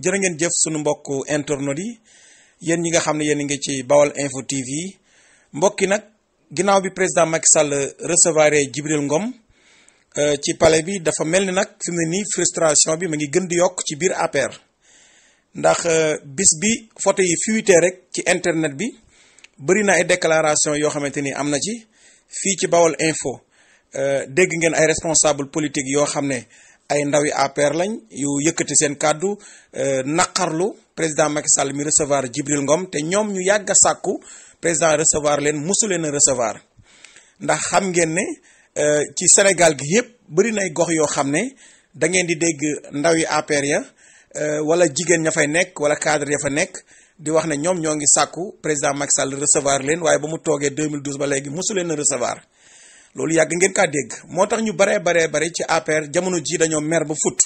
jërë ngeen jëf sunu mbokk internet yi yéen ñi nga xam ne yéen ngi ci Bawal Info TV mbokk yi nag ginnaaw bi président Macky Sall recevoir Jibril Ngom euh, ci pale bi dafa mel ni nag fi ne nii frustration bi ma ngi gën di yokk ci biir APR ndax euh, bis bi photo yi fuité rek ci internet bi bëri na ay déclaration yoo xamante ni am na ci fii ci Bawal Info euh, dégg ngeen ay responsable politique yoo xam ne. ay ndawi APR lañ yu yëkkati seen kàddu euh, naqarlu président Macky Sall mi recevoir Jibril Ngom te ñoom ñu yàgg sàkku président recevoir leen musu leen a recevoir ndax xam ngeen ne euh, ci Sénégal gi yëpp bëri nay gox yoo xam ne da ngeen di dégg ndawi APR ya euh, wala jigéen ña fay nekk wala cadre ya fa nekk di wax ne ñoom ñoo ngi sàkku président Macky Sall recevoir leen waaye ba mu toogee 2012 ba léegi musu leen a recevoir loolu yàgg ngeen kaa dégg moo tax ñu baree baree bare ci APR jamono ji dañoo mer ba fut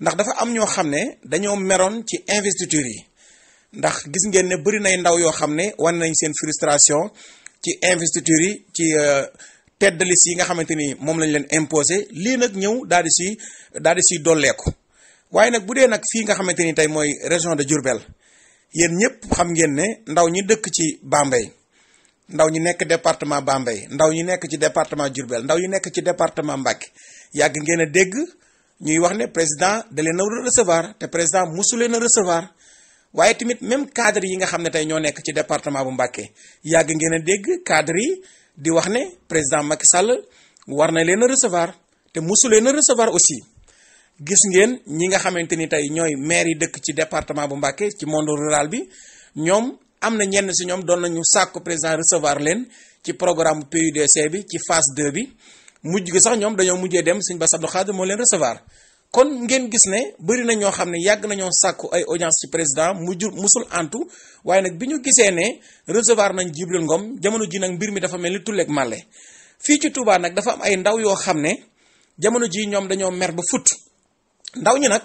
ndax dafa am ñoo xam ne dañoo meroon ci investiture yi ndax gis ngeen ne bëri nay ndaw yoo xam ne wane nañ seen fristration ci investiture yi ci euh, tête de liste yi nga xamante ni moom lañ leen imposé lii nag ñëw daal di si daal di si dolleeku waaye nag bu dee nag fii nga xamante ni tey mooy région de Diourbel yéen ñëpp xam ngeen ne ndaw ñi dëkk ci Bambey ndaw ñi nekk département Bambey ndaw ñi nekk ci département Diourbel ndaw ñi nekk ci département Mbacké yàgg ngeen a dégg ñuy wax ne président da leen a recevoir te président musu leen a recevoir waaye tamit même cadre yi nga xam ne tey ñoo nekk ci département bu Mbacké yàgg ngeen a dégg cadre di wax ne président Macky Sall war na leen a te musu leen a recevoir aussi gis ngeen ñi nga xamante ni tey ñooy maire yi dëkk ci département bu Mbacké ci monde rural bi ñoom am na ñenn si ñoom doon nañu sàkku président recevoir leen ci programme PUDC bi ci phase 2 bi mujj gi sax ñoom dañoo mujjee dem sëñ Bass Abdou Khadre moo leen recevoir kon ngeen gis ne bëri nañ ñoo xam ne yàgg nañoo sàkku ay audience ci président mujju musul antu waaye nag bi ñu gisee ne recevoir nañ Djibril Ngom jamono ji nag mbir mi dafa mel ni tulleeg màlle fii ci Touba nag dafa am ay ndaw yoo xam ne jamono jii ñoom dañoo mer ba fut ndaw ñi nag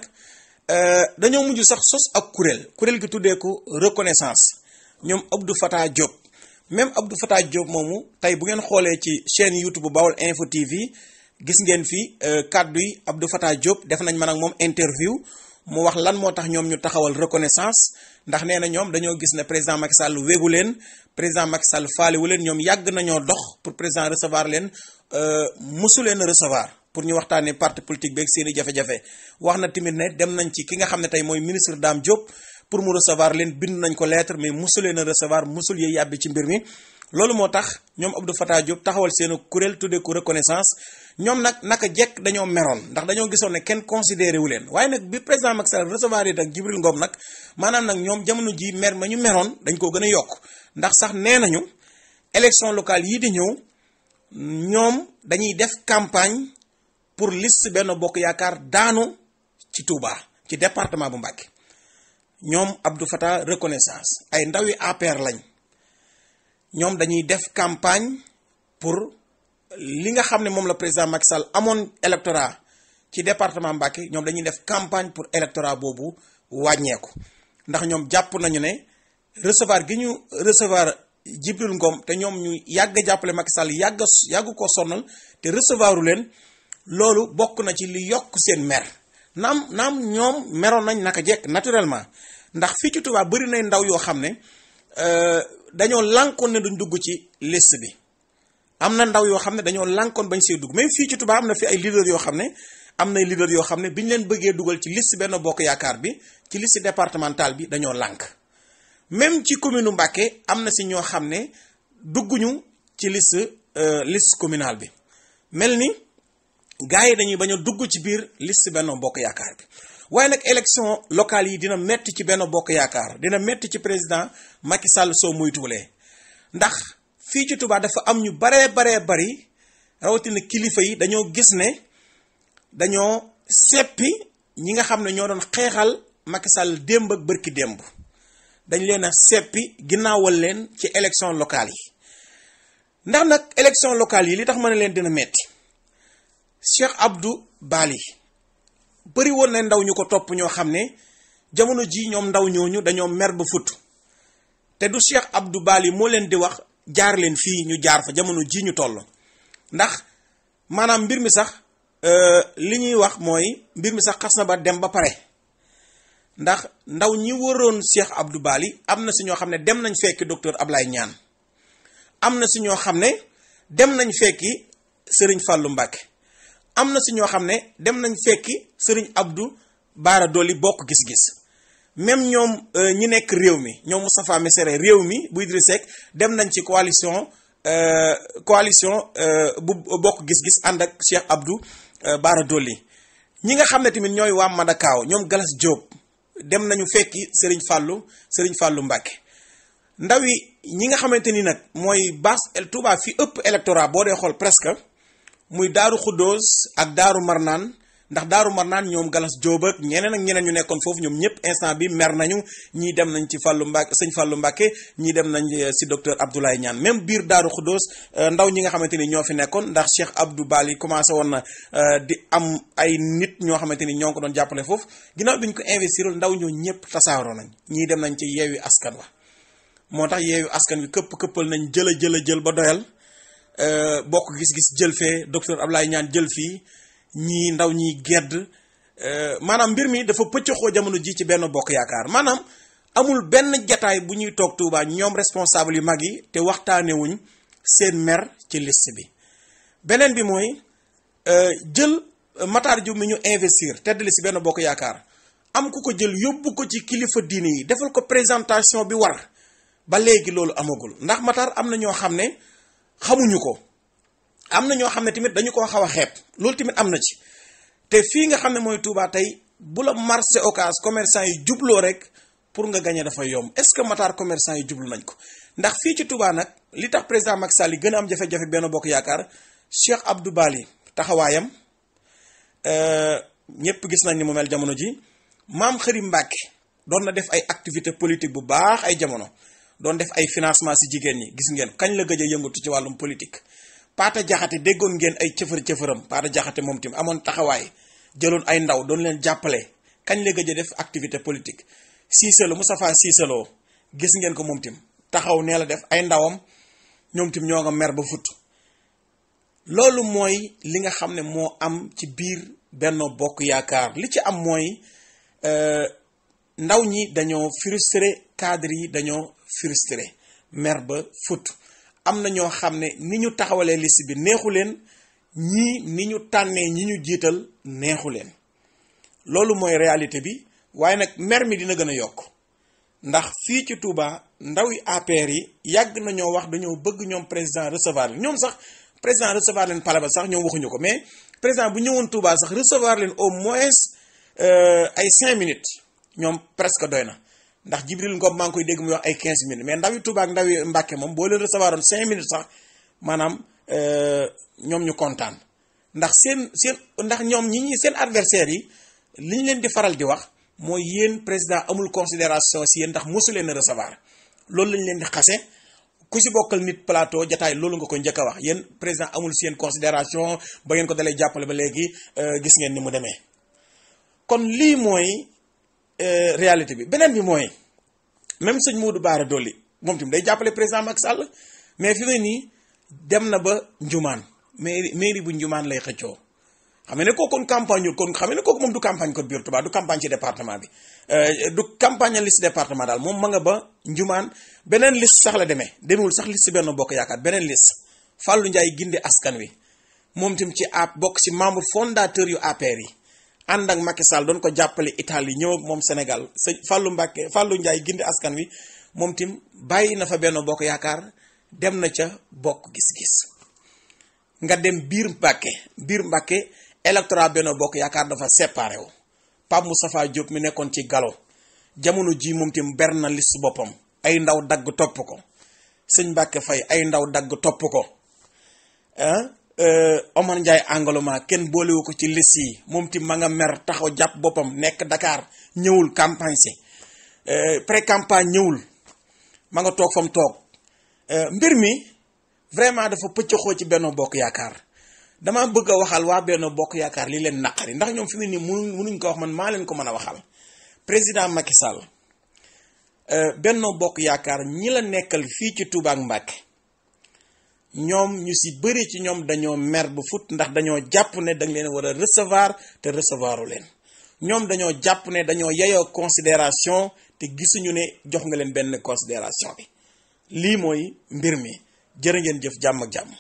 euh, dañoo mujj sax sos ak kuréel kuréel gi tuddee ko reconnaissance ñoom Abdou Fatah Diop même Abdou Fatah Diop moomu tey bu ngeen xoolee ci chaîne YouTube bu Baol Info TV gis ngeen fi euh, kàddu yi Abdou Fatah Diop def nañ man ak moom interview mu wax lan moo tax ñoom ñu taxawal reconnaissance ndax nee na ñoom dañoo gis ne président Macky Sall wégu leen président Macky Sall faalewu leen ñoom yàgg nañoo dox pour président recevoir leen euh, musu leen recevoir pour ñu waxtaanee parti politique beeg seen i jafe-jafe wax na tamit ne dem nañ ci ki nga xam ne tey mooy ministre Dame Diop. pour mu recevoir leen bind nañ ko lettre mais musu leen a recevoir musul yee yàbbi ci mbir mi loolu moo tax ñoom Abdou Fatah Diop taxawal seen kuréel tuddee ko reconnaissance ñoom nag naka jekk dañoo meroon ndax dañoo gisoon ne kenn considéré wu leen waaye nag bi président Macky Sall recevoir it ak Jibril Ngom nag maanaam nag ñoom jamono ji mer ma ñu meroon dañ koo gën a yokk ndax sax nee nañu élection locale yii di ñëw ñoom dañuy def campagne pour list benn Bokk Yaakaar daanu ci Touba ci département bu Mbacké ñoom Abdou Fattah reconnaissance ay ndawi APR lañ ñoom dañuy def campagne pour li nga xam ne moom la président Macky amoon électorat ci département Mbacké ñoom dañuy def campagne pour électorat boobu wàññeeku ndax ñoom jàpp nañu ne recevoir gi ñu recevoir Djibril Ngom te ñoom ñu yàgg jàppale Macky Sall yàgg yàgg ko sonnal te recevoiru leen loolu bokk na ci li yokk seen maire naam naam ñoom meroon nañ naka jekk naturellement ndax fii ci Touba bëri nay ndaw yoo xam ne euh, dañoo lànkoon ne duñ dugg ci liste bi am na ndaw yoo xam ne dañoo lànkoon bañ see dugg même fii ci tubaa am na fi ay leader yoo xam ne am ay leader yoo xam ne bi ñu leen bëggee dugal ci list benn bokk yaakaar bi ci liste départementale bi dañoo lànk même ci commune Mbacké am na si ñoo xam ne dugguñu ci list euh, list communal bi mel ni. gars yi dañuy bañ a dugg ci biir liste benn Bokk Yaakaar bi waaye nag élection locale yi dina metti ci benn Bokk Yaakaar dina metti ci président Macky Sall soo moytuwulee ndax fii ci Touba dafa am ñu baree baree bari rawatina kilifa yi dañoo gis ne dañoo seppi ñi nga xam ne ñoo doon xeexal Macky Sall démb ak bërki démb dañ leen a seppi ginnaawal leen ci élection locale yi ndax nag élection locale yi li tax ma ne leen dina metti Cheikh Abdou Bali bëri woon na ndaw ñu ko topp ñoo xam ne jamono ji ñoom ndaw ñooñu dañoo mer ba futt te du Cheikh Abdou baali moo leen di wax jaar leen fii ñu jaar fa jamono ji ñu toll ndax maanaam mbir mi sax euh, li ñuy wax mooy mbir mi sax xas na ba dem ba pare ndax ndaw ñi waroon Cheikh Abdou baali am na si ñoo xam ne dem nañ fekki docteur Ablaye ñaan am na si ñoo xam ne dem nañ fekki sëriñ fàllu Mbacké am na si ñoo xam ne dem nañ fekki sëriñ Abdou Baara Doli bokk gis-gis même ñoom euh, ñi nekk réew mi ñoom Moustapha Missiré réew mi buy Idriss Seck dem nañ ci coalition euh, coalition euh, bu bokk gis-gis ànd ak Cheikh Abdou Baara Doli ñi nga xam ne tamit ñooy waa Madakaaw ñoom Galas Diop dem nañu fekki Serigne fàllu Serigne fàllu Mbacké ndaw yi ñi nga xamante ni nag mooy base el fi ëpp électorat boo dee xool presque muy daaru xuddoos ak daaru marnaan ndax daaru marnaan ñoom galas jóob ñeneen ak ñeneen ñu nekkoon foofu ñoom ñëpp instant bi mer nañu ñii dem nañ ci fàllu mbàkke sañ fàllu mbàkke ñii dem nañ eh, si docteur Abdoulaye ñaan même biir daaru xuddoos eh, ndaw ñi nga xamante ni ñoo fi nekkoon ndax Cheikh baal yi commencé woon na eh, di am ay nit ñoo xamante ni ñoo ko doon jàppale foofu ginnaaw bi ñu ko investirul ndaw ñoo ñëpp tasaaroo nañ ñii dem nañ ci yeewi askan wa moo tax yeewi askan wi këpp këppal nañ jëla jëla jël ba doyal Euh, bokk gis-gis jël fee docteur Ablaye ñaan jël fii ñii ndaw ñi gedd euh, maanaam mbir mi dafa pëccëxoo jamono ji ci benn bokk yaakaar maanaam amul benn jataay bu ñuy toog Touba ñoom responsable yu mag yi te waxtaanewuñ seen mer ci liste bi beneen bi mooy euh, jël Matar Diop mi ñu investir tedd li si benn bokk yaakaar am ku ko jël yóbbu ko ci kilifa diine yi defal ko présentation bi war ba léegi loolu amagul ndax Matar am na ñoo xam ne xamuñu ko am na ñoo xam ne tamit dañu koo xaw a xeeb loolu tamit am na ci te fii nga xam ne mooy Touba tey bu la marché Ocass commerçant yi jubloo rek pour nga gañe dafa yomb est-ce que Matar commerçant yi jublu nañ ko ndax fii ci Touba nag li tax président Macky Sall yi gën a am jafe-jafe benn bokk yaakaar Cheikh Abdou Bali taxawaayam euh, ñëpp gis nañ ni mu mel jamono ji maam xëri Mbàkke doon na def ay activité politique bu baax ay jamono doon def ay financement si jigéen ñi gis ngeen kañ la gëj a yëngatu ci wàllum politique paata jaxate déggoon ngeen ay cëfër cëfaram paata jaxate moom tim amoon taxawaay jëloon ay ndaw doon leen jàppale kañ la gëj a def activité politique Cissé Lo Moustapha Cissé Lo gis ngeen ko moom tim taxaw nee la def ay ndawam ñoom tim ñoo nga mer ba fut loolu mooy li nga xam ne moo am ci biir Benno Bokk Yaakaar li ci am mooy euh, ndaw ñi dañoo frustré cadre yi dañoo frustré mer ba fut am na ñoo xam ne ni ñu taxawalee list bi neexu leen ñii ni ñu tànnee ñi ñu jiital neexu leen loolu mooy réalité bi waaye nag mer mi dina gën a yokk ndax fii ci Touba ndaw yi APR yi yàgg nañoo wax dañoo bëgg ñoom président recevoir leen ñoom sax président recevoir leen pale ba sax ñoom waxuñu ko mais président bu ñëwoon Touba sax recevoir leen au moins euh, ay cinq minutes ñoom presque doy na ndax Jibril Ngom maa ngi koy dégg muy wax ay 15 minutes mais ndaw yu Touba ak ndaw yu Mbàkke moom boo leen recevoir oon 5 minutes sax maanaam euh, ñoom ñu kontaan ndax seen seen ndax ñoom ñi ñi seen adversaires yi li ñu leen di faral di wax mooy yéen président amul considération si yéen ndax mosu leen a recevoir loolu lañ leen di xase ku si bokkal nit plateau jataay loolu nga ko njëkk a wax yéen président amul si yéen considération ba ngeen ko dalee jàppale ba léegi euh, gis ngeen ni mu demee Euh, réalité bi beneen bi mooy même sëñ moo Modou Baara Dolli moom tamit day jàppale président Macky Sall mais fi mu nii dem na ba Njumaan mairie mairie bu Njumaan lay xëccoo xam ne kooku kon campagne kon xam ne kooku moom du campagne ko biir Touba du campagne ci département bi euh, du campagne liste département daal moom ma nga ba Njumaan beneen liste sax la demee demewul sax si benn bokk yaakaar beneen liste Fallou Ndiaye gindi askan wi moom tamit ci a bokk ci membre fondateur yu APR yi. ànd ak Macky Sall doon ko jàppale Italie ñëw ak moom Sénégal sëñ Fallou Mbacké Fallou Ndiaye gindi askan wi moom tim bàyyi na fa benn bokk yaakaar dem na ca bokk gis-gis nga dem biir Mbacké biir Mbacké électorat benn bokk yaakaar dafa séparé wu Pape Moustapha Diop mi nekkoon ci galo jamono ji moom tim ber na liste boppam ay ndaw dagg topp ko sëñ Mbacké fay ay ndaw dagg topp ko ah? Euh, Omar Ndiaye Angloma kenn boolewu ko ci liste yi moom ti ma nga mer taxaw jàpp boppam nekk dakaar ñëwul campagne si euh, pré campagne ñëwul ma nga toog fa mu toog euh, mbir mi vraiment dafa pëccëxoo ci Benno Bokk Yaakaar damaa bëgg a waxal waa Benno Bokk Yaakaar li leen naqari ndax ñoom fi mu ne nii mënuñ ko wax man maa leen ko mën a waxal président Macky Sall Benno Bokk Yaakaar ñi la nekkal fii ci Touba ak ñoom ñu si bëri ci ñoom dañoo mer bu fut ndax dañoo jàpp ne dañ leen wara a te recevoiru leen ñoom dañoo jàpp ne dañoo yeyoo considération te gisuñu ne jox nga leen benn considération bi lii mooy mbir mi jërë ngeen jëf jàmm ak jàmm